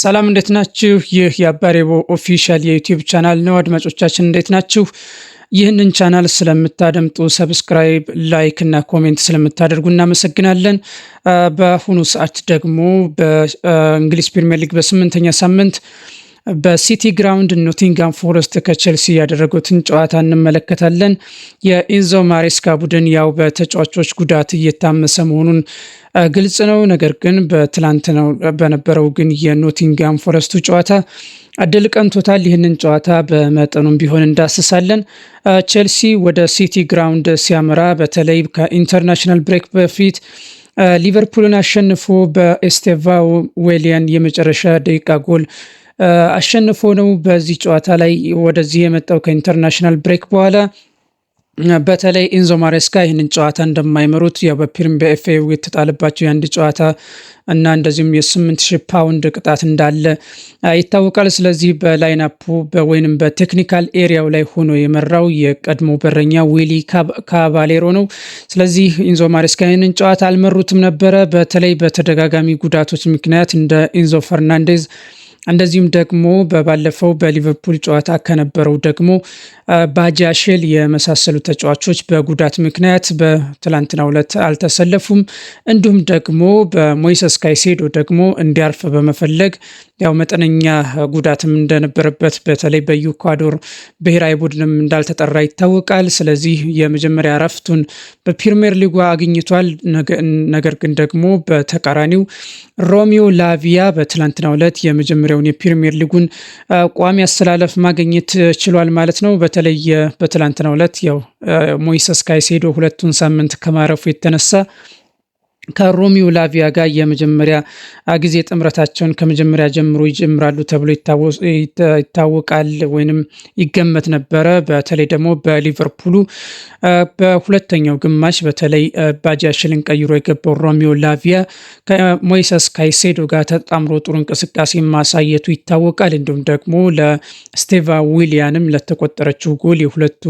ሰላም እንዴት ናችሁ? ይህ የአባሬቦ ኦፊሻል የዩቲዩብ ቻናል ነው። አድማጮቻችን እንዴት ናችሁ? ይህንን ቻናል ስለምታደምጡ ሰብስክራይብ፣ ላይክ እና ኮሜንት ስለምታደርጉ እናመሰግናለን። በአሁኑ ሰዓት ደግሞ በእንግሊዝ ፕሪሚየር ሊግ በስምንተኛ ሳምንት በሲቲ ግራውንድ ኖቲንጋም ፎረስት ከቸልሲ ያደረጉትን ጨዋታ እንመለከታለን። የኢንዞ ማሬስካ ቡድን ያው በተጫዋቾች ጉዳት እየታመሰ መሆኑን ግልጽ ነው። ነገር ግን በትላንትናው በነበረው ግን የኖቲንጋም ፎረስቱ ጨዋታ እድል ቀንቶታል። ይህንን ጨዋታ በመጠኑም ቢሆን እንዳስሳለን። ቸልሲ ወደ ሲቲ ግራውንድ ሲያመራ በተለይ ከኢንተርናሽናል ብሬክ በፊት ሊቨርፑልን አሸንፎ በኤስቴቫ ዌሊያን የመጨረሻ ደቂቃ ጎል አሸንፎ ነው በዚህ ጨዋታ ላይ ወደዚህ የመጣው ከኢንተርናሽናል ብሬክ በኋላ በተለይ ኢንዞ ማሬስካ ይህንን ጨዋታ እንደማይመሩት ያው በፒርም በኤፍኤው የተጣለባቸው የአንድ ጨዋታ እና እንደዚሁም የስምንት ሺህ ፓውንድ ቅጣት እንዳለ ይታወቃል። ስለዚህ በላይናፑ ወይንም በቴክኒካል ኤሪያው ላይ ሆኖ የመራው የቀድሞ በረኛ ዊሊ ካቫሌሮ ነው። ስለዚህ ኢንዞ ማሬስካ ይህንን ጨዋታ አልመሩትም ነበረ። በተለይ በተደጋጋሚ ጉዳቶች ምክንያት እንደ ኢንዞ ፈርናንዴዝ እንደዚሁም ደግሞ በባለፈው በሊቨርፑል ጨዋታ ከነበረው ደግሞ ባጃሼል የመሳሰሉ ተጫዋቾች በጉዳት ምክንያት በትላንትናው ዕለት አልተሰለፉም። እንዲሁም ደግሞ በሞይሰስ ካይሴዶ ደግሞ እንዲያርፍ በመፈለግ ያው መጠነኛ ጉዳትም እንደነበረበት በተለይ በኢኳዶር ብሔራዊ ቡድንም እንዳልተጠራ ይታወቃል። ስለዚህ የመጀመሪያ እረፍቱን በፕሪምየር ሊጉ አግኝቷል። ነገር ግን ደግሞ በተቃራኒው ሮሚዮ ላቪያ በትላንትናው ዕለት የመጀመሪያው የሚለውን የፕሪሚየር ሊጉን ቋሚ አስተላለፍ ማግኘት ችሏል ማለት ነው። በተለይ በትላንትናው ዕለት ያው ሞይሰስ ካይሴዶ ሁለቱን ሳምንት ከማረፉ የተነሳ ከሮሚው ላቪያ ጋር የመጀመሪያ ጊዜ ጥምረታቸውን ከመጀመሪያ ጀምሮ ይጀምራሉ ተብሎ ይታወቃል ወይንም ይገመት ነበረ። በተለይ ደግሞ በሊቨርፑሉ በሁለተኛው ግማሽ በተለይ ባጃ ሽልን ቀይሮ የገባው ሮሚዮ ላቪያ ከሞይሰስ ካይሴዶ ጋር ተጣምሮ ጥሩ እንቅስቃሴ ማሳየቱ ይታወቃል። እንዲሁም ደግሞ ለስቴቫ ዊሊያንም ለተቆጠረችው ጎል የሁለቱ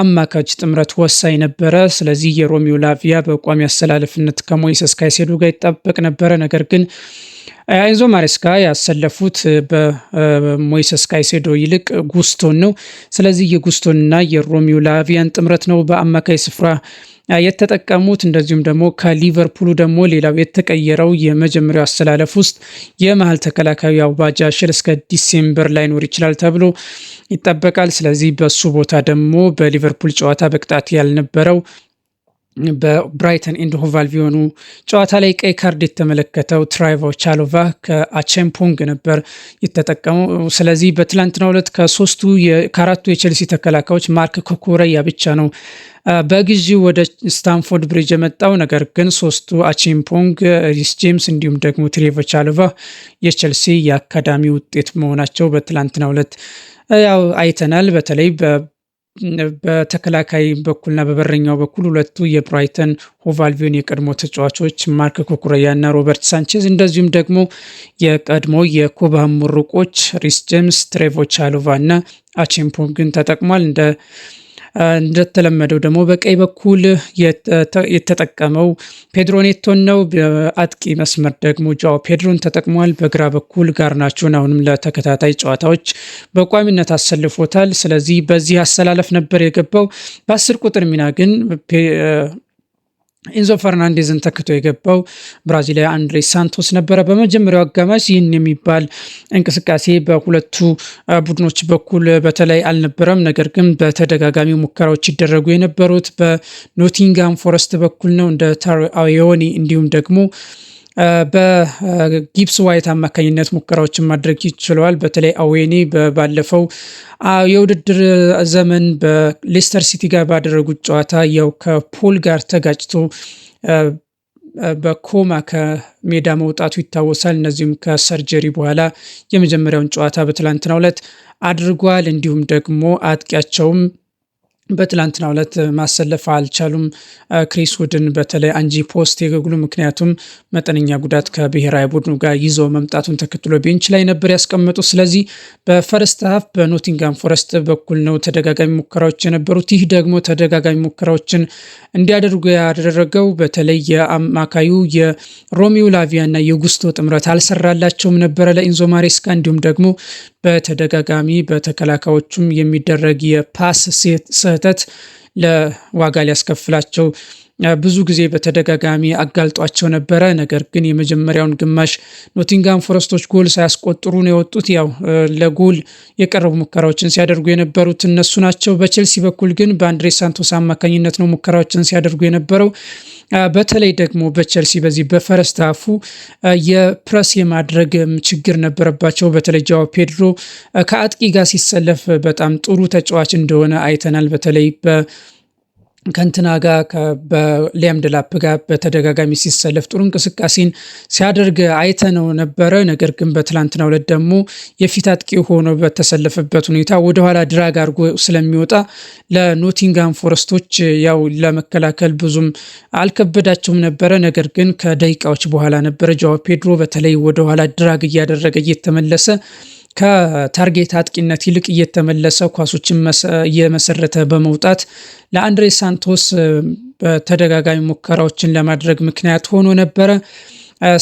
አማካች ጥምረት ወሳኝ ነበረ። ስለዚህ የሮሚዮ ላቪያ በቋሚ አሰላለፍነት ከሞ ሞይሰስ ካይሴዱ ጋር ይጠበቅ ነበረ። ነገር ግን ኤንዞ ማሬስካ ያሰለፉት በሞይሰስ ካይሴዶ ይልቅ ጉስቶን ነው። ስለዚህ የጉስቶንና የሮሚዮ ላቪያን ጥምረት ነው በአማካይ ስፍራ የተጠቀሙት። እንደዚሁም ደግሞ ከሊቨርፑሉ ደግሞ ሌላው የተቀየረው የመጀመሪያው አሰላለፍ ውስጥ የመሀል ተከላካዩ አውባጃ ሽል እስከ ዲሴምበር ላይኖር ይችላል ተብሎ ይጠበቃል። ስለዚህ በሱ ቦታ ደግሞ በሊቨርፑል ጨዋታ በቅጣት ያልነበረው በብራይተን ኤንድ ሆቫል ቪዮኑ ጨዋታ ላይ ቀይ ካርድ የተመለከተው ትራይቮ ቻሎቫ ከአቼምፖንግ ነበር የተጠቀመው። ስለዚህ በትላንትናው ዕለት ከሶስቱ ከአራቱ የቼልሲ ተከላካዮች ማርክ ኮኮረያ ብቻ ነው በጊዜው ወደ ስታንፎርድ ብሪጅ የመጣው። ነገር ግን ሶስቱ አቼምፖንግ፣ ሪስ ጄምስ እንዲሁም ደግሞ ትሬቮ ቻሎቫ የቼልሲ የአካዳሚ ውጤት መሆናቸው በትላንትናው ዕለት ያው አይተናል። በተለይ በተከላካይ በኩልና በበረኛው በኩል ሁለቱ የብራይተን ሆቫልቪን የቀድሞ ተጫዋቾች ማርክ ኩኩረያና ሮበርት ሳንቼዝ እንደዚሁም ደግሞ የቀድሞ የኮባም ምሩቆች ሪስ ጄምስ፣ ትሬቮ ቻሎቫ እና አቼምፖንግን ተጠቅሟል እንደ እንደተለመደው ደግሞ በቀኝ በኩል የተጠቀመው ፔድሮ ኔቶን ነው። በአጥቂ መስመር ደግሞ ጃው ፔድሮን ተጠቅሟል። በግራ በኩል ጋርናቾን አሁንም ለተከታታይ ጨዋታዎች በቋሚነት አሰልፎታል። ስለዚህ በዚህ አሰላለፍ ነበር የገባው። በአስር ቁጥር ሚና ግን ኢንዞ ፈርናንዴዝን ተክቶ የገባው ብራዚላዊ አንድሬ ሳንቶስ ነበረ። በመጀመሪያው አጋማሽ ይህን የሚባል እንቅስቃሴ በሁለቱ ቡድኖች በኩል በተለይ አልነበረም። ነገር ግን በተደጋጋሚ ሙከራዎች ይደረጉ የነበሩት በኖቲንጋም ፎረስት በኩል ነው እንደ ታሪ አዮኒ እንዲሁም ደግሞ በጊብስ ዋይት አማካኝነት ሙከራዎችን ማድረግ ይችለዋል። በተለይ አዌኒ ባለፈው የውድድር ዘመን በሌስተር ሲቲ ጋር ባደረጉት ጨዋታ ያው ከፖል ጋር ተጋጭቶ በኮማ ከሜዳ መውጣቱ ይታወሳል። እነዚህም ከሰርጀሪ በኋላ የመጀመሪያውን ጨዋታ በትላንትናው ዕለት አድርጓል። እንዲሁም ደግሞ አጥቂያቸውም በትላንትና ዕለት ማሰለፍ አልቻሉም። ክሪስ ውድን በተለይ አንጂ ፖስት የገግሉ ምክንያቱም መጠነኛ ጉዳት ከብሔራዊ ቡድኑ ጋር ይዞ መምጣቱን ተከትሎ ቤንች ላይ ነበር ያስቀመጡ። ስለዚህ በፈርስት ሀፍ በኖቲንጋም ፎረስት በኩል ነው ተደጋጋሚ ሙከራዎች የነበሩት። ይህ ደግሞ ተደጋጋሚ ሙከራዎችን እንዲያደርጉ ያደረገው በተለይ የአማካዩ የሮሚዮ ላቪያ እና የጉስቶ ጥምረት አልሰራላቸውም ነበረ ለኢንዞ ማሬስካ እንዲሁም ደግሞ በተደጋጋሚ በተከላካዮቹም የሚደረግ የፓስ ስህተት ለዋጋ ሊያስከፍላቸው ብዙ ጊዜ በተደጋጋሚ አጋልጧቸው ነበረ። ነገር ግን የመጀመሪያውን ግማሽ ኖቲንጋም ፎረስቶች ጎል ሳያስቆጥሩ ነው የወጡት። ያው ለጎል የቀረቡ ሙከራዎችን ሲያደርጉ የነበሩት እነሱ ናቸው። በቼልሲ በኩል ግን በአንድሬ ሳንቶስ አማካኝነት ነው ሙከራዎችን ሲያደርጉ የነበረው። በተለይ ደግሞ በቸልሲ በዚህ በፈረስት ሀፉ የፕረስ የማድረግ ችግር ነበረባቸው። በተለይ ጃዋ ፔድሮ ከአጥቂ ጋር ሲሰለፍ በጣም ጥሩ ተጫዋች እንደሆነ አይተናል። በተለይ በ ከእንትና ጋር ከሊያም ደላፕ ጋር በተደጋጋሚ ሲሰለፍ ጥሩ እንቅስቃሴን ሲያደርግ አይተ ነው ነበረ። ነገር ግን በትላንትና ሁለት ደግሞ የፊት አጥቂ ሆኖ በተሰለፈበት ሁኔታ ወደኋላ ድራግ አድርጎ ስለሚወጣ ለኖቲንጋም ፎረስቶች ያው ለመከላከል ብዙም አልከበዳቸውም ነበረ። ነገር ግን ከደቂቃዎች በኋላ ነበረ ጃዋ ፔድሮ በተለይ ወደኋላ ድራግ እያደረገ እየተመለሰ ከታርጌት አጥቂነት ይልቅ እየተመለሰ ኳሶችን እየመሰረተ በመውጣት ለአንድሬ ሳንቶስ ተደጋጋሚ ሙከራዎችን ለማድረግ ምክንያት ሆኖ ነበረ።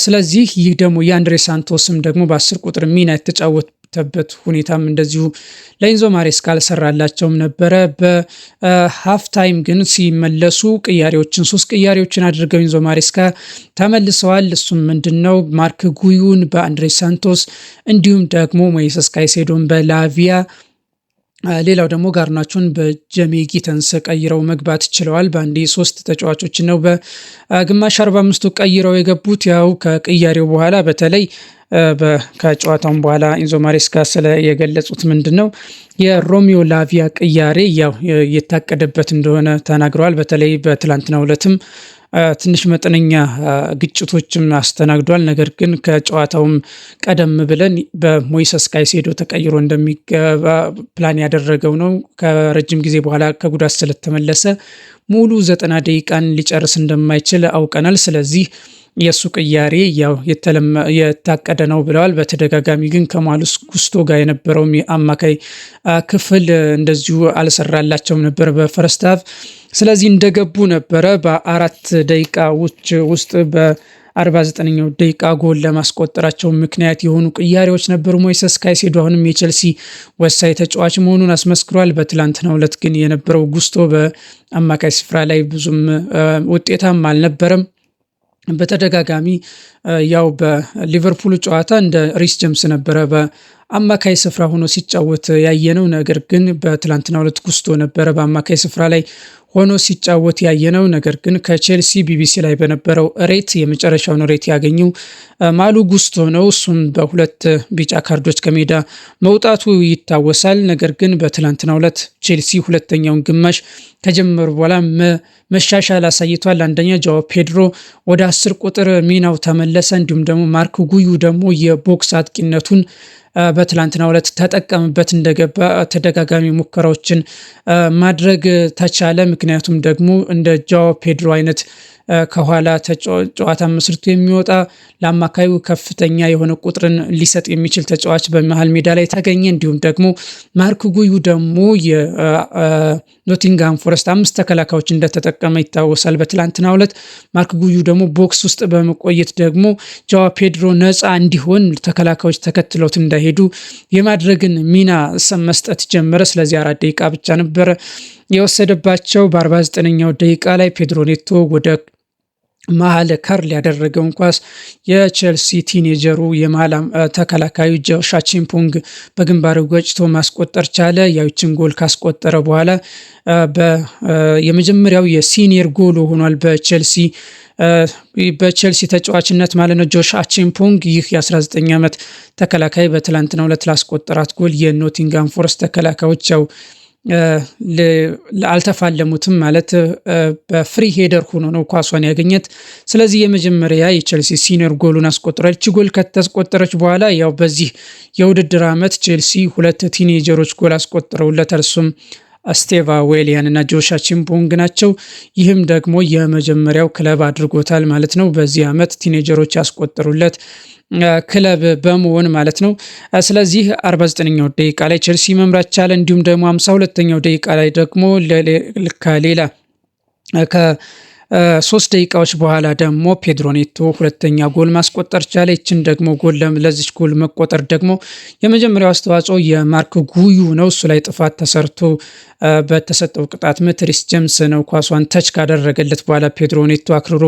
ስለዚህ ይህ ደግሞ የአንድሬ ሳንቶስም ደግሞ በአስር ቁጥር ሚና የተጫወት ተበት ሁኔታም እንደዚሁ ለኢንዞ ማሬስካ አልሰራላቸውም ነበረ። በሀፍ ግን ሲመለሱ ቅያሬዎችን ሶስት ቅያሬዎችን አድርገው ኢንዞ ማሬስካ ተመልሰዋል። እሱም ምንድን ነው ማርክ ጉዩን በአንድሬ ሳንቶስ እንዲሁም ደግሞ ሞይሰስ ካይሴዶን በላቪያ ሌላው ደግሞ ጋርናቾን በጀሜ ጊተንስ ቀይረው መግባት ችለዋል። በአንዴ ሶስት ተጫዋቾችን ነው በግማሽ አርባ አምስቱ ቀይረው የገቡት። ያው ከቅያሬው በኋላ በተለይ ከጨዋታውን በኋላ ኢንዞ ማሬስካ ስለ የገለጹት ምንድን ነው የሮሚዮ ላቪያ ቅያሬ ያው የታቀደበት እንደሆነ ተናግረዋል። በተለይ በትላንትናው ዕለትም ትንሽ መጠነኛ ግጭቶችም አስተናግዷል። ነገር ግን ከጨዋታውም ቀደም ብለን በሞይሰስ ካይሴዶ ተቀይሮ እንደሚገባ ፕላን ያደረገው ነው። ከረጅም ጊዜ በኋላ ከጉዳት ስለተመለሰ ሙሉ ዘጠና ደቂቃን ሊጨርስ እንደማይችል አውቀናል። ስለዚህ የእሱ ቅያሬ ያው የታቀደ ነው ብለዋል። በተደጋጋሚ ግን ከማሉስ ጉስቶ ጋር የነበረውም የአማካይ ክፍል እንደዚሁ አልሰራላቸውም ነበር በፈረስታፍ ስለዚህ እንደገቡ ነበረ በአራት ደቂቃዎች ውስጥ በ49ኛው ደቂቃ ጎል ለማስቆጠራቸው ምክንያት የሆኑ ቅያሬዎች ነበሩ። ሞይሰስ ካይሴዶ አሁንም የቼልሲ ወሳኝ ተጫዋች መሆኑን አስመስክሯል። በትላንትናው ዕለት ግን የነበረው ጉስቶ በአማካይ ስፍራ ላይ ብዙም ውጤታም አልነበረም። በተደጋጋሚ ያው በሊቨርፑል ጨዋታ እንደ ሪስ ጀምስ ነበረ አማካይ ስፍራ ሆኖ ሲጫወት ያየነው፣ ነገር ግን በትላንትና ሁለት ጉስቶ ነበረ በአማካይ ስፍራ ላይ ሆኖ ሲጫወት ያየነው። ነገር ግን ከቼልሲ ቢቢሲ ላይ በነበረው ሬት የመጨረሻውን ሬት ያገኘው ማሉ ጉስቶ ነው። እሱም በሁለት ቢጫ ካርዶች ከሜዳ መውጣቱ ይታወሳል። ነገር ግን በትላንትናው ዕለት ቼልሲ ሁለተኛውን ግማሽ ከጀመሩ በኋላ መሻሻል አሳይቷል። አንደኛ ጃዋ ፔድሮ ወደ አስር ቁጥር ሚናው ተመለሰ። እንዲሁም ደግሞ ማርክ ጉዩ ደግሞ የቦክስ አጥቂነቱን በትላንትናው ዕለት ተጠቀምበት እንደገባ ተደጋጋሚ ሙከራዎችን ማድረግ ተቻለ። ምክንያቱም ደግሞ እንደ ጃዋ ፔድሮ አይነት ከኋላ ጨዋታ መስርቶ የሚወጣ ለአማካዩ ከፍተኛ የሆነ ቁጥርን ሊሰጥ የሚችል ተጫዋች በመሃል ሜዳ ላይ ተገኘ። እንዲሁም ደግሞ ማርክ ጉዩ ደግሞ የኖቲንግሃም ፎረስት አምስት ተከላካዮች እንደተጠቀመ ይታወሳል። በትላንትናው ዕለት ማርክ ጉዩ ደግሞ ቦክስ ውስጥ በመቆየት ደግሞ ጃዋ ፔድሮ ነፃ እንዲሆን ተከላካዮች ተከትለውት እንዳይሄዱ የማድረግን ሚና መስጠት ጀመረ። ስለዚህ አራት ደቂቃ ብቻ ነበረ የወሰደባቸው። በ49ኛው ደቂቃ ላይ ፔድሮ ኔቶ ወደ መሀል ከርል ያደረገውን ኳስ የቼልሲ ቲኔጀሩ የመሀል ተከላካዩ ጆሻ ቺምፑንግ በግንባሩ ገጭቶ ማስቆጠር ቻለ። ያዊችን ጎል ካስቆጠረ በኋላ የመጀመሪያው የሲኒየር ጎሉ ሆኗል በቼልሲ በቼልሲ ተጫዋችነት ማለት ነው። ጆሽ አቺምፖንግ ይህ የ19 ዓመት ተከላካይ በትላንትናው ዕለት ላስቆጠራት ጎል የኖቲንጋም ፎረስት ተከላካዮች ያው አልተፋለሙትም ማለት በፍሪ ሄደር ሆኖ ነው ኳሷን ያገኘት። ስለዚህ የመጀመሪያ የቼልሲ ሲኒየር ጎሉን አስቆጥራለች። ጎል ከተስቆጠረች በኋላ ያው በዚህ የውድድር ዓመት ቼልሲ ሁለት ቲኔጀሮች ጎል አስቆጥረውለት እሱም ስቴቫ ዌሊያን እና ጆሻ ቺምቦንግ ናቸው። ይህም ደግሞ የመጀመሪያው ክለብ አድርጎታል ማለት ነው። በዚህ ዓመት ቲኔጀሮች ያስቆጠሩለት ክለብ በመሆን ማለት ነው። ስለዚህ 49ኛው ደቂቃ ላይ ቼልሲ መምራት ቻለ። እንዲሁም ደግሞ 52ኛው ደቂቃ ላይ ደግሞ ከሌላ ከሶስት ደቂቃዎች በኋላ ደግሞ ፔድሮ ኔቶ ሁለተኛ ጎል ማስቆጠር ቻለ። ይችን ደግሞ ጎል ለዚች ጎል መቆጠር ደግሞ የመጀመሪያው አስተዋጽኦ የማርክ ጉዩ ነው። እሱ ላይ ጥፋት ተሰርቶ በተሰጠው ቅጣት ምት ሪስ ጀምስ ነው ኳሷን ተች ካደረገለት በኋላ ፔድሮ ኔቶ አክርሮ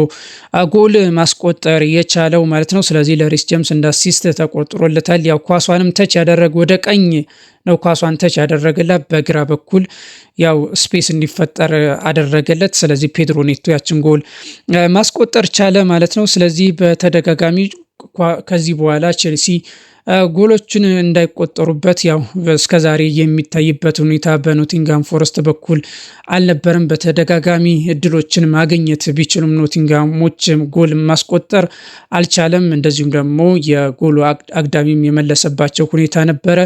ጎል ማስቆጠር የቻለው ማለት ነው። ስለዚህ ለሪስ ጀምስ እንደ አሲስት ተቆጥሮለታል። ያው ኳሷንም ተች ያደረገ ወደ ቀኝ ነው ኳሷን ተች ያደረገላት በግራ በኩል ያው ስፔስ እንዲፈጠር አደረገለት። ስለዚህ ፔድሮ ኔቶ ያችን ጎል ማስቆጠር ቻለ ማለት ነው። ስለዚህ በተደጋጋሚ ከዚህ በኋላ ቼልሲ ጎሎችን እንዳይቆጠሩበት ያው እስከዛሬ የሚታይበት ሁኔታ በኖቲንጋም ፎረስት በኩል አልነበረም። በተደጋጋሚ እድሎችን ማግኘት ቢችሉም ኖቲንጋሞች ጎል ማስቆጠር አልቻለም። እንደዚሁም ደግሞ የጎሉ አግዳሚም የመለሰባቸው ሁኔታ ነበረ።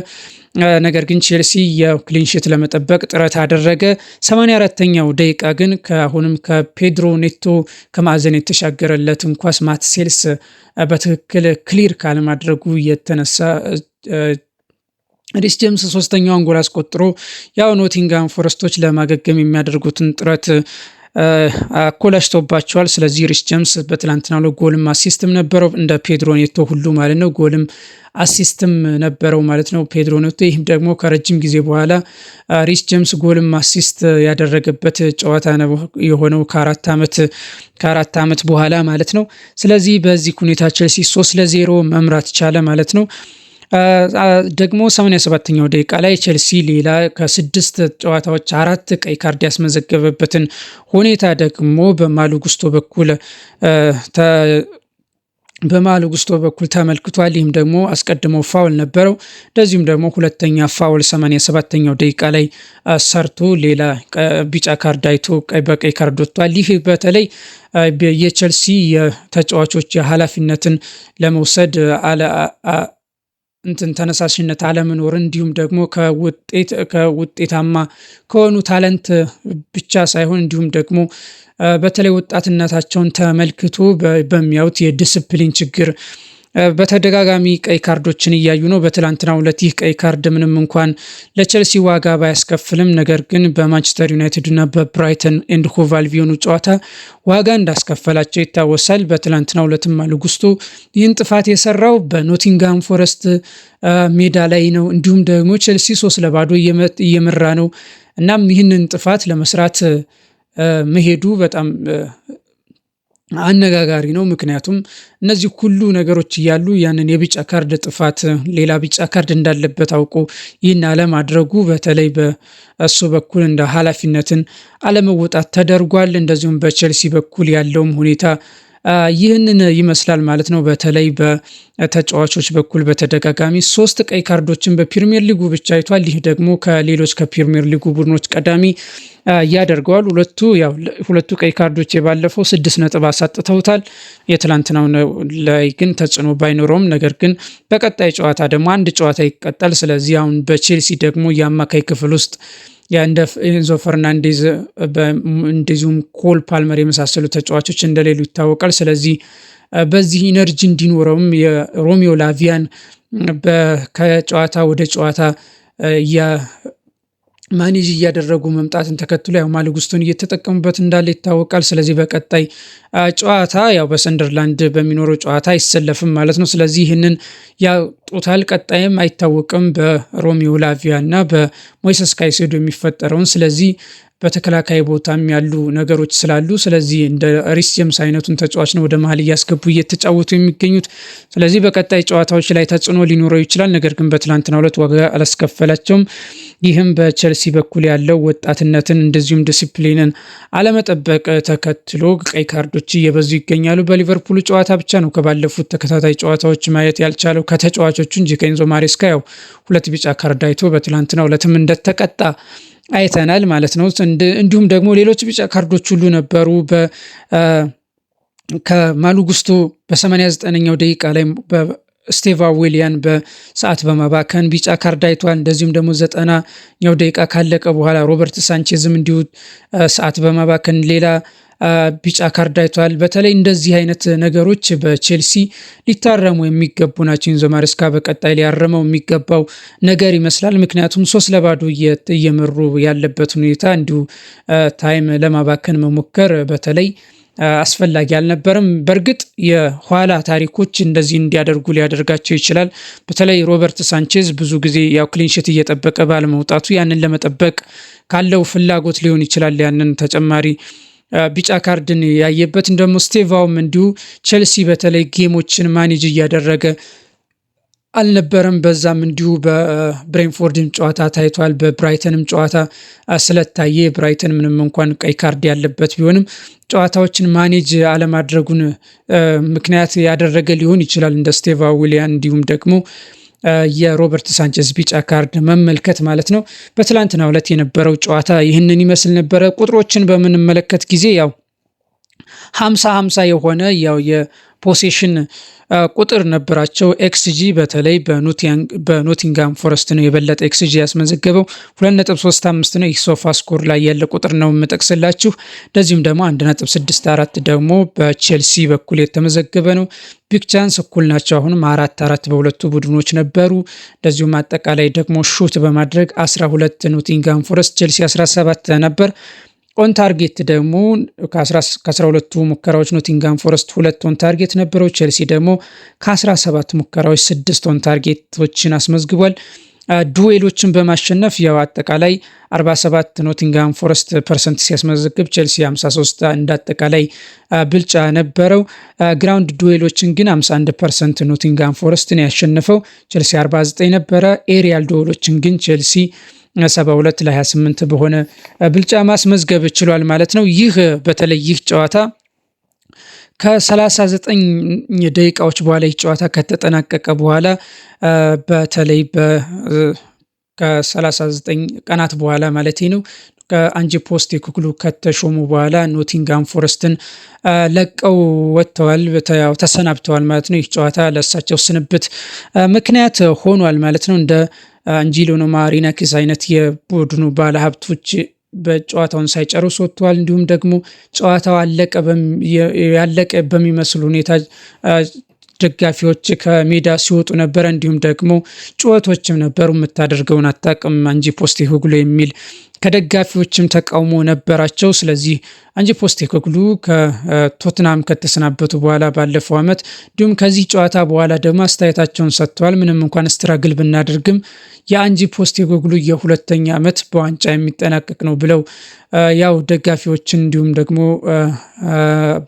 ነገር ግን ቼልሲ የክሊንሽት ለመጠበቅ ጥረት አደረገ። 84ተኛው ደቂቃ ግን ከአሁንም ከፔድሮ ኔቶ ከማዕዘን የተሻገረለትን ኳስ ማትሴልስ በትክክል ክሊር ካለማድረጉ የተነሳ ሪስ ጀምስ ሶስተኛውን ጎል አስቆጥሮ ያው ኖቲንጋም ፎረስቶች ለማገገም የሚያደርጉትን ጥረት አኮላሽተውባቸዋል። ስለዚህ ሪስ ጀምስ በትላንትና ነው ጎልም አሲስትም ነበረው እንደ ፔድሮ ኔቶ ሁሉ ማለት ነው። ጎልም አሲስትም ነበረው ማለት ነው ፔድሮ ኔቶ። ይህም ደግሞ ከረጅም ጊዜ በኋላ ሪስ ጀምስ ጎልም አሲስት ያደረገበት ጨዋታ የሆነው ከአራት ዓመት ከአራት ዓመት በኋላ ማለት ነው። ስለዚህ በዚህ ሁኔታ ቼልሲ ሶስት ለዜሮ መምራት ቻለ ማለት ነው። ደግሞ 87ኛው ደቂቃ ላይ ቼልሲ ሌላ ከስድስት ጨዋታዎች አራት ቀይ ካርድ ያስመዘገበበትን ሁኔታ ደግሞ በማሉጉስቶ በኩል በማሉ ጉስቶ በኩል ተመልክቷል። ይህም ደግሞ አስቀድሞ ፋውል ነበረው። እንደዚሁም ደግሞ ሁለተኛ ፋውል 87ኛው ደቂቃ ላይ ሰርቶ ሌላ ቢጫ ካርድ አይቶ በቀይ ካርድ ወጥቷል። ይህ በተለይ የቼልሲ የተጫዋቾች የኃላፊነትን ለመውሰድ እንትን ተነሳሽነት አለመኖር እንዲሁም ደግሞ ከውጤታማ ከሆኑ ታለንት ብቻ ሳይሆን እንዲሁም ደግሞ በተለይ ወጣትነታቸውን ተመልክቶ በሚያዩት የዲስፕሊን ችግር በተደጋጋሚ ቀይ ካርዶችን እያዩ ነው። በትላንትናው ዕለት ይህ ቀይ ካርድ ምንም እንኳን ለቸልሲ ዋጋ ባያስከፍልም ነገር ግን በማንቸስተር ዩናይትድ እና በብራይተን ኤንድ ሆቭ አልቢዮኑ ጨዋታ ዋጋ እንዳስከፈላቸው ይታወሳል። በትላንትናው ዕለትም አሉ ይህን ጥፋት የሰራው በኖቲንጋም ፎረስት ሜዳ ላይ ነው። እንዲሁም ደግሞ ቸልሲ ሶስት ለባዶ እየመራ ነው። እናም ይህንን ጥፋት ለመስራት መሄዱ በጣም አነጋጋሪ ነው። ምክንያቱም እነዚህ ሁሉ ነገሮች እያሉ ያንን የቢጫ ካርድ ጥፋት ሌላ ቢጫ ካርድ እንዳለበት አውቁ ይህን አለማድረጉ በተለይ በእሱ በኩል እንደ ኃላፊነትን አለመወጣት ተደርጓል። እንደዚሁም በቼልሲ በኩል ያለውም ሁኔታ ይህንን ይመስላል ማለት ነው። በተለይ በተጫዋቾች በኩል በተደጋጋሚ ሶስት ቀይ ካርዶችን በፕሪሚየር ሊጉ ብቻ አይቷል። ይህ ደግሞ ከሌሎች ከፕሪሚየር ሊጉ ቡድኖች ቀዳሚ ያደርገዋል። ሁለቱ ያው ሁለቱ ቀይ ካርዶች የባለፈው ስድስት ነጥብ አሳጥተውታል። የትላንትናው ላይ ግን ተጽዕኖ ባይኖረውም፣ ነገር ግን በቀጣይ ጨዋታ ደግሞ አንድ ጨዋታ ይቀጠል ስለዚህ አሁን በቼልሲ ደግሞ የአማካይ ክፍል ውስጥ ኤንዞ ፈርናንዴዝ እንደዚሁም ኮል ፓልመር የመሳሰሉ ተጫዋቾች እንደሌሉ ይታወቃል። ስለዚህ በዚህ ኢነርጂ እንዲኖረውም የሮሚዮ ላቪያን ከጨዋታ ወደ ጨዋታ ማኔጅ እያደረጉ መምጣትን ተከትሎ ያው ማልጉስቱን እየተጠቀሙበት እንዳለ ይታወቃል። ስለዚህ በቀጣይ ጨዋታ ያው በሰንደርላንድ በሚኖረው ጨዋታ አይሰለፍም ማለት ነው። ስለዚህ ይህንን ያጡታል። ቀጣይም አይታወቅም በሮሚዮ ላቪያ እና በሞይሰስ ካይሴዶ የሚፈጠረውን ስለዚህ በተከላካይ ቦታም ያሉ ነገሮች ስላሉ ስለዚህ እንደ ሪስ ጀምስ አይነቱን ተጫዋች ነው ወደ መሀል እያስገቡ እየተጫወቱ የሚገኙት። ስለዚህ በቀጣይ ጨዋታዎች ላይ ተጽዕኖ ሊኖረው ይችላል። ነገር ግን በትላንትና ሁለት ዋጋ አላስከፈላቸውም። ይህም በቸልሲ በኩል ያለው ወጣትነትን እንደዚሁም ዲሲፕሊንን አለመጠበቅ ተከትሎ ቀይ ካርዶች እየበዙ ይገኛሉ። በሊቨርፑል ጨዋታ ብቻ ነው ከባለፉት ተከታታይ ጨዋታዎች ማየት ያልቻለው ከተጫዋቾቹ እንጂ ከኢንዞ ማሬስካ ያው ሁለት ቢጫ ካርድ አይቶ በትላንትናው ዕለትም እንደተቀጣ አይተናል ማለት ነው። እንዲሁም ደግሞ ሌሎች ቢጫ ካርዶች ሁሉ ነበሩ በ ከማሉ ጉስቶ በ89ኛው ደቂቃ ላይ ስቴቫ ዊሊያን በሰዓት በማባከን ቢጫ ካርድ አይቷል። እንደዚሁም ደግሞ ዘጠናኛው ደቂቃ ካለቀ በኋላ ሮበርት ሳንቼዝም እንዲሁ ሰዓት በማባከን ሌላ ቢጫ ካርድ አይቷል። በተለይ እንደዚህ አይነት ነገሮች በቼልሲ ሊታረሙ የሚገቡ ናቸው። ኢንዞ ማሬስካ በቀጣይ ሊያረመው የሚገባው ነገር ይመስላል። ምክንያቱም ሶስት ለባዶ እየመሩ ያለበት ሁኔታ እንዲሁ ታይም ለማባከን መሞከር በተለይ አስፈላጊ አልነበረም። በእርግጥ የኋላ ታሪኮች እንደዚህ እንዲያደርጉ ሊያደርጋቸው ይችላል። በተለይ ሮበርት ሳንቼዝ ብዙ ጊዜ ያው ክሊንሽት እየጠበቀ ባለመውጣቱ ያንን ለመጠበቅ ካለው ፍላጎት ሊሆን ይችላል ያንን ተጨማሪ ቢጫ ካርድን ያየበት እንደሞ ስቴቫውም እንዲሁ ቼልሲ በተለይ ጌሞችን ማኔጅ እያደረገ አልነበረም። በዛም እንዲሁ በብሬንፎርድም ጨዋታ ታይቷል። በብራይተንም ጨዋታ ስለታየ ብራይተን ምንም እንኳን ቀይ ካርድ ያለበት ቢሆንም ጨዋታዎችን ማኔጅ አለማድረጉን ምክንያት ያደረገ ሊሆን ይችላል። እንደ ስቴቫ ዊሊያን እንዲሁም ደግሞ የሮበርት ሳንቸዝ ቢጫ ካርድ መመልከት ማለት ነው። በትላንትና ዕለት የነበረው ጨዋታ ይህንን ይመስል ነበረ። ቁጥሮችን በምንመለከት ጊዜ ያው ሀምሳ ሀምሳ የሆነ ያው የፖሴሽን ቁጥር ነበራቸው። ኤክስጂ በተለይ በኖቲንጋም ፎረስት ነው የበለጠ ኤክስጂ ያስመዘገበው አምስት ነው። ይህ ሶፋ ስኮር ላይ ያለ ቁጥር ነው የምጠቅስላችሁ። እንደዚሁም ደግሞ አራት ደግሞ በቼልሲ በኩል የተመዘገበ ነው። ቢግ ቻንስ እኩል ናቸው። አሁንም አራት አራት በሁለቱ ቡድኖች ነበሩ። እንደዚሁም አጠቃላይ ደግሞ ሹት በማድረግ ሁለት ኖቲንጋም ፎረስት፣ ቼልሲ 17 ነበር። ኦን ታርጌት ደግሞ ከ12ቱ ሙከራዎች ኖቲንጋም ፎረስት ሁለት ኦን ታርጌት ነበረው። ቼልሲ ደግሞ ከ17 ሙከራዎች ስድስት ኦን ታርጌቶችን አስመዝግቧል። ዱዌሎችን በማሸነፍ ያው አጠቃላይ 47 ኖቲንጋም ፎረስት ፐርሰንት ሲያስመዘግብ ቼልሲ 53 እንዳጠቃላይ ብልጫ ነበረው። ግራውንድ ዱዌሎችን ግን 51 ፐርሰንት ኖቲንጋም ፎረስትን ያሸነፈው ቼልሲ 49 ነበረ። ኤሪያል ዱዌሎችን ግን ቼልሲ 72 ለ28 በሆነ ብልጫ ማስመዝገብ ችሏል ማለት ነው። ይህ በተለይ ይህ ጨዋታ ከ39 ደቂቃዎች በኋላ ይህ ጨዋታ ከተጠናቀቀ በኋላ በተለይ ከ39 ቀናት በኋላ ማለት ነው ፖስት ፖስቴኮግሉ ከተሾሙ በኋላ ኖቲንጋም ፎረስትን ለቀው ወጥተዋል፣ ተሰናብተዋል ማለት ነው። ይህ ጨዋታ ለእሳቸው ስንብት ምክንያት ሆኗል ማለት ነው። እንደ አንጂሊኖ ማሪናኪስ አይነት የቡድኑ ባለሀብቶች በጨዋታውን ሳይጨርሱ ወጥተዋል። እንዲሁም ደግሞ ጨዋታው ያለቀ በሚመስል ሁኔታ ደጋፊዎች ከሜዳ ሲወጡ ነበረ። እንዲሁም ደግሞ ጩኸቶችም ነበሩ። የምታደርገውን አታውቅም አንጂ ፖስቴኮግሉ የሚል ከደጋፊዎችም ተቃውሞ ነበራቸው። ስለዚህ አንጅ ፖስቴኮግሉ ከቶትናም ከተሰናበቱ በኋላ ባለፈው ዓመት እንዲሁም ከዚህ ጨዋታ በኋላ ደግሞ አስተያየታቸውን ሰጥተዋል። ምንም እንኳን ስትራግል ብናደርግም የአንጅ ፖስቴኮግሉ የሁለተኛ ዓመት በዋንጫ የሚጠናቀቅ ነው ብለው ያው ደጋፊዎችን እንዲሁም ደግሞ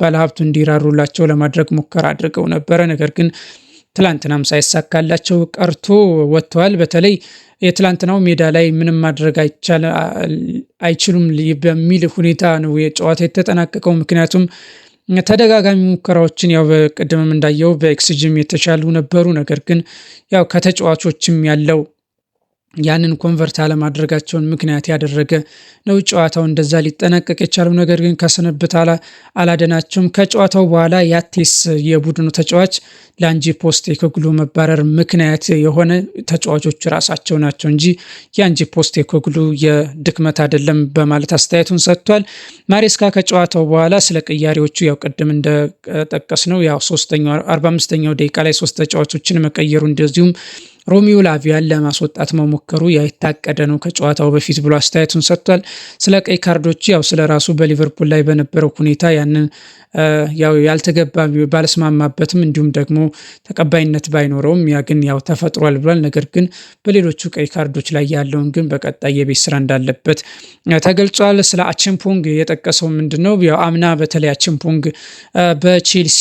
ባለሀብቱ እንዲራሩላቸው ለማድረግ ሙከራ አድርገው ነበረ። ነገር ግን ትላንትናም ሳይሳካላቸው ቀርቶ ወጥተዋል። በተለይ የትላንትናው ሜዳ ላይ ምንም ማድረግ አይችሉም በሚል ሁኔታ ነው የጨዋታ የተጠናቀቀው። ምክንያቱም ተደጋጋሚ ሙከራዎችን ያው በቅድምም እንዳየው በኤክስጂም የተሻሉ ነበሩ። ነገር ግን ያው ከተጫዋቾችም ያለው ያንን ኮንቨርት አለማድረጋቸውን ምክንያት ያደረገ ነው። ጨዋታው እንደዛ ሊጠናቀቅ የቻለው ነገር ግን ከስንብት አላደናቸውም። ከጨዋታው በኋላ ያቴስ የቡድኑ ተጫዋች ለአንጂ ፖስቴኮግሉ መባረር ምክንያት የሆነ ተጫዋቾቹ ራሳቸው ናቸው እንጂ የአንጂ ፖስቴኮግሉ የድክመት አይደለም በማለት አስተያየቱን ሰጥቷል። ማሬስካ ከጨዋታው በኋላ ስለ ቅያሬዎቹ ያው ቅድም እንደጠቀስ ነው ያው ሶስተኛው አርባ አምስተኛው ደቂቃ ላይ ሶስት ተጫዋቾችን መቀየሩ እንደዚሁም ሮሚዮ ላቪያን ለማስወጣት መሞከሩ ያይታቀደ ነው ከጨዋታው በፊት ብሎ አስተያየቱን ሰጥቷል። ስለ ቀይ ካርዶች ያው ስለ ራሱ በሊቨርፑል ላይ በነበረው ሁኔታ ያንን ያው ያልተገባ ባልስማማበትም እንዲሁም ደግሞ ተቀባይነት ባይኖረውም ያ ግን ያው ተፈጥሯል ብሏል። ነገር ግን በሌሎቹ ቀይ ካርዶች ላይ ያለውን ግን በቀጣይ የቤት ስራ እንዳለበት ተገልጿል። ስለ አቸምፖንግ የጠቀሰው ምንድን ነው ያው አምና በተለይ አቸምፖንግ በቼልሲ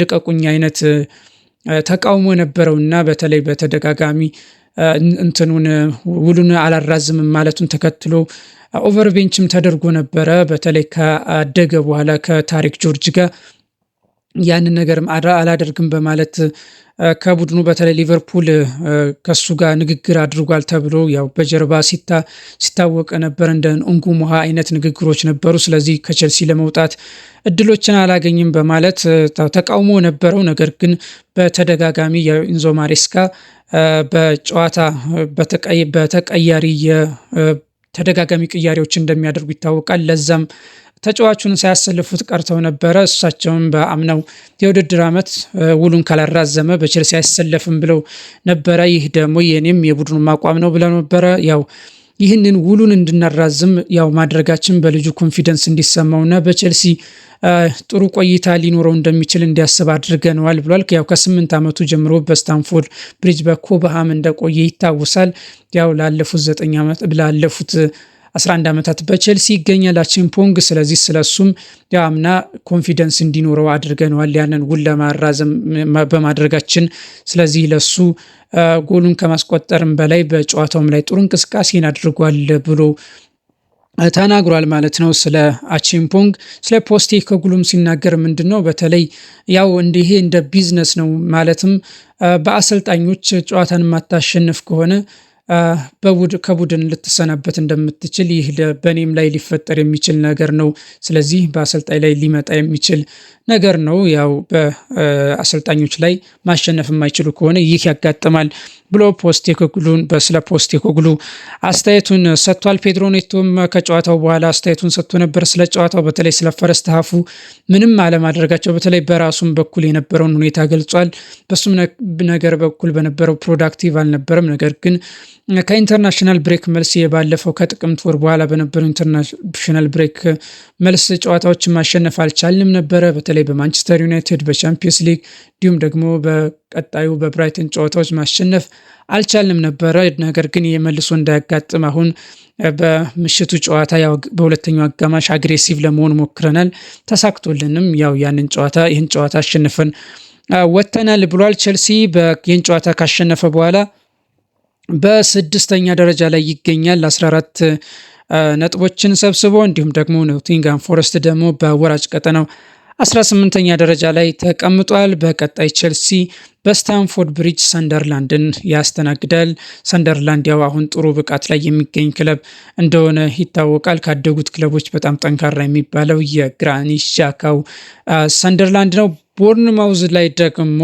ልቀቁኝ አይነት ተቃውሞ የነበረውና በተለይ በተደጋጋሚ እንትኑን ውሉን አላራዝምም ማለቱን ተከትሎ ኦቨርቤንችም ተደርጎ ነበረ። በተለይ ካደገ በኋላ ከታሪክ ጆርጅ ጋር ያንን ነገርም አላደርግም በማለት ከቡድኑ በተለይ ሊቨርፑል ከሱ ጋር ንግግር አድርጓል ተብሎ ያው በጀርባ ሲታወቅ ነበር። እንደ እንጉሙሃ አይነት ንግግሮች ነበሩ። ስለዚህ ከቸልሲ ለመውጣት እድሎችን አላገኝም በማለት ተቃውሞ ነበረው። ነገር ግን በተደጋጋሚ የኢንዞ ማሬስካ በጨዋታ በተቀያሪ ተደጋጋሚ ቅያሬዎች እንደሚያደርጉ ይታወቃል። ለዛም ተጫዋቹን ሳያሰልፉት ቀርተው ነበረ። እሳቸውም በአምናው የውድድር ዓመት ውሉን ካላራዘመ በቼልሲ አይሰለፍም ብለው ነበረ። ይህ ደግሞ የኔም የቡድኑ አቋም ነው ብለው ነበረ። ያው ይህንን ውሉን እንድናራዝም ያው ማድረጋችን በልጁ ኮንፊደንስ እንዲሰማውና በቼልሲ ጥሩ ቆይታ ሊኖረው እንደሚችል እንዲያስብ አድርገነዋል ብሏል። ያው ከስምንት ዓመቱ ጀምሮ በስታንፎርድ ብሪጅ በኮብሃም እንደቆየ ይታወሳል። ያው ላለፉት ዘጠኝ ዓመት ላለፉት 11 ዓመታት በቼልሲ ይገኛል አቺምፖንግ። ስለዚህ ስለሱም አምና ኮንፊደንስ እንዲኖረው አድርገነዋል ያንን ውል ለማራዘም በማድረጋችን። ስለዚህ ለሱ ጎሉን ከማስቆጠርም በላይ በጨዋታውም ላይ ጥሩ እንቅስቃሴን አድርጓል ብሎ ተናግሯል ማለት ነው። ስለ አቺምፖንግ ስለ ፖስቴ ከጉሉም ሲናገር ምንድን ነው በተለይ ያው እንዲሄ እንደ ቢዝነስ ነው ማለትም በአሰልጣኞች ጨዋታን የማታሸንፍ ከሆነ ከቡድን ልትሰናበት እንደምትችል ይህ በእኔም ላይ ሊፈጠር የሚችል ነገር ነው። ስለዚህ በአሰልጣኝ ላይ ሊመጣ የሚችል ነገር ነው። ያው በአሰልጣኞች ላይ ማሸነፍ የማይችሉ ከሆነ ይህ ያጋጥማል። ብሎ ፖስቴኮግሉን ስለ ፖስቴኮግሉ አስተያየቱን ሰጥቷል። ፔድሮ ኔቶም ከጨዋታው በኋላ አስተያየቱን ሰጥቶ ነበር። ስለ ጨዋታው በተለይ ስለ ፈረስት ሀፉ ምንም አለማድረጋቸው በተለይ በራሱም በኩል የነበረውን ሁኔታ ገልጿል። በሱም ነገር በኩል በነበረው ፕሮዳክቲቭ አልነበረም። ነገር ግን ከኢንተርናሽናል ብሬክ መልስ የባለፈው ከጥቅምት ወር በኋላ በነበረው ኢንተርናሽናል ብሬክ መልስ ጨዋታዎችን ማሸነፍ አልቻልንም ነበረ በተለይ በማንቸስተር ዩናይትድ በቻምፒየንስ ሊግ እንዲሁም ደግሞ ቀጣዩ በብራይተን ጨዋታዎች ማሸነፍ አልቻልንም ነበረ። ነገር ግን የመልሶ እንዳያጋጥም አሁን በምሽቱ ጨዋታ በሁለተኛው አጋማሽ አግሬሲቭ ለመሆን ሞክረናል። ተሳክቶልንም ያው ያንን ጨዋታ ይህን ጨዋታ አሸንፈን ወጥተናል ብሏል። ቼልሲ ይህን ጨዋታ ካሸነፈ በኋላ በስድስተኛ ደረጃ ላይ ይገኛል 14 ነጥቦችን ሰብስቦ እንዲሁም ደግሞ ኖቲንጋም ፎረስት ደግሞ በወራጭ ቀጠናው 18ኛ ደረጃ ላይ ተቀምጧል። በቀጣይ ቼልሲ በስታንፎርድ ብሪጅ ሰንደርላንድን ያስተናግዳል። ሰንደርላንድ ያው አሁን ጥሩ ብቃት ላይ የሚገኝ ክለብ እንደሆነ ይታወቃል። ካደጉት ክለቦች በጣም ጠንካራ የሚባለው የግራኒት ዣካው ሰንደርላንድ ነው። ቦርንማውዝ ላይ ደግሞ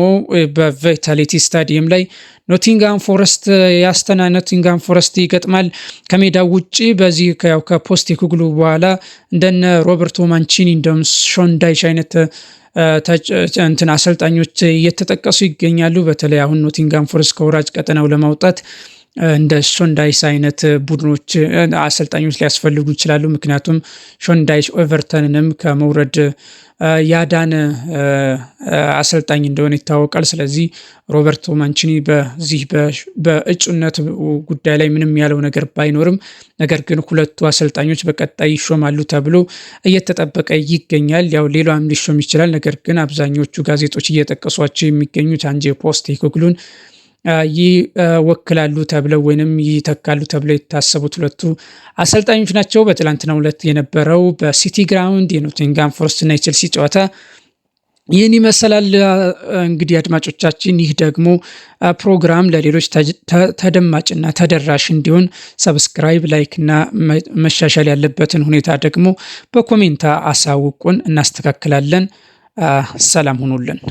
በቫይታሊቲ ስታዲየም ላይ ኖቲንጋም ፎረስት ያስተና ኖቲንጋም ፎረስት ይገጥማል። ከሜዳው ውጭ በዚህ ከፖስት የክግሉ በኋላ እንደነ ሮበርቶ ማንቺኒ እንደም ሾን ዳይች አይነት እንትን አሰልጣኞች እየተጠቀሱ ይገኛሉ። በተለይ አሁን ኖቲንጋም ፎረስት ከወራጅ ቀጠናው ለማውጣት እንደ ሾንዳይስ አይነት ቡድኖች አሰልጣኞች ሊያስፈልጉ ይችላሉ። ምክንያቱም ሾንዳይስ ኤቨርተንንም ከመውረድ ያዳነ አሰልጣኝ እንደሆነ ይታወቃል። ስለዚህ ሮበርቶ ማንቺኒ በዚህ በእጩነት ጉዳይ ላይ ምንም ያለው ነገር ባይኖርም ነገር ግን ሁለቱ አሰልጣኞች በቀጣይ ይሾማሉ ተብሎ እየተጠበቀ ይገኛል። ያው ሌላም ሊሾም ይችላል። ነገር ግን አብዛኞቹ ጋዜጦች እየጠቀሷቸው የሚገኙት አንጄ ፖስቴኮግሉን ይወክላሉ ተብለው ወይንም ይተካሉ ተብለው የታሰቡት ሁለቱ አሰልጣኞች ናቸው። በትላንትናው ዕለት የነበረው በሲቲ ግራውንድ የኖቲንጋም ፎረስት እና የቼልሲ ጨዋታ ይህን ይመስላል። እንግዲህ አድማጮቻችን፣ ይህ ደግሞ ፕሮግራም ለሌሎች ተደማጭና ተደራሽ እንዲሆን ሰብስክራይብ፣ ላይክ እና መሻሻል ያለበትን ሁኔታ ደግሞ በኮሜንታ አሳውቁን፣ እናስተካክላለን። ሰላም ሁኑልን።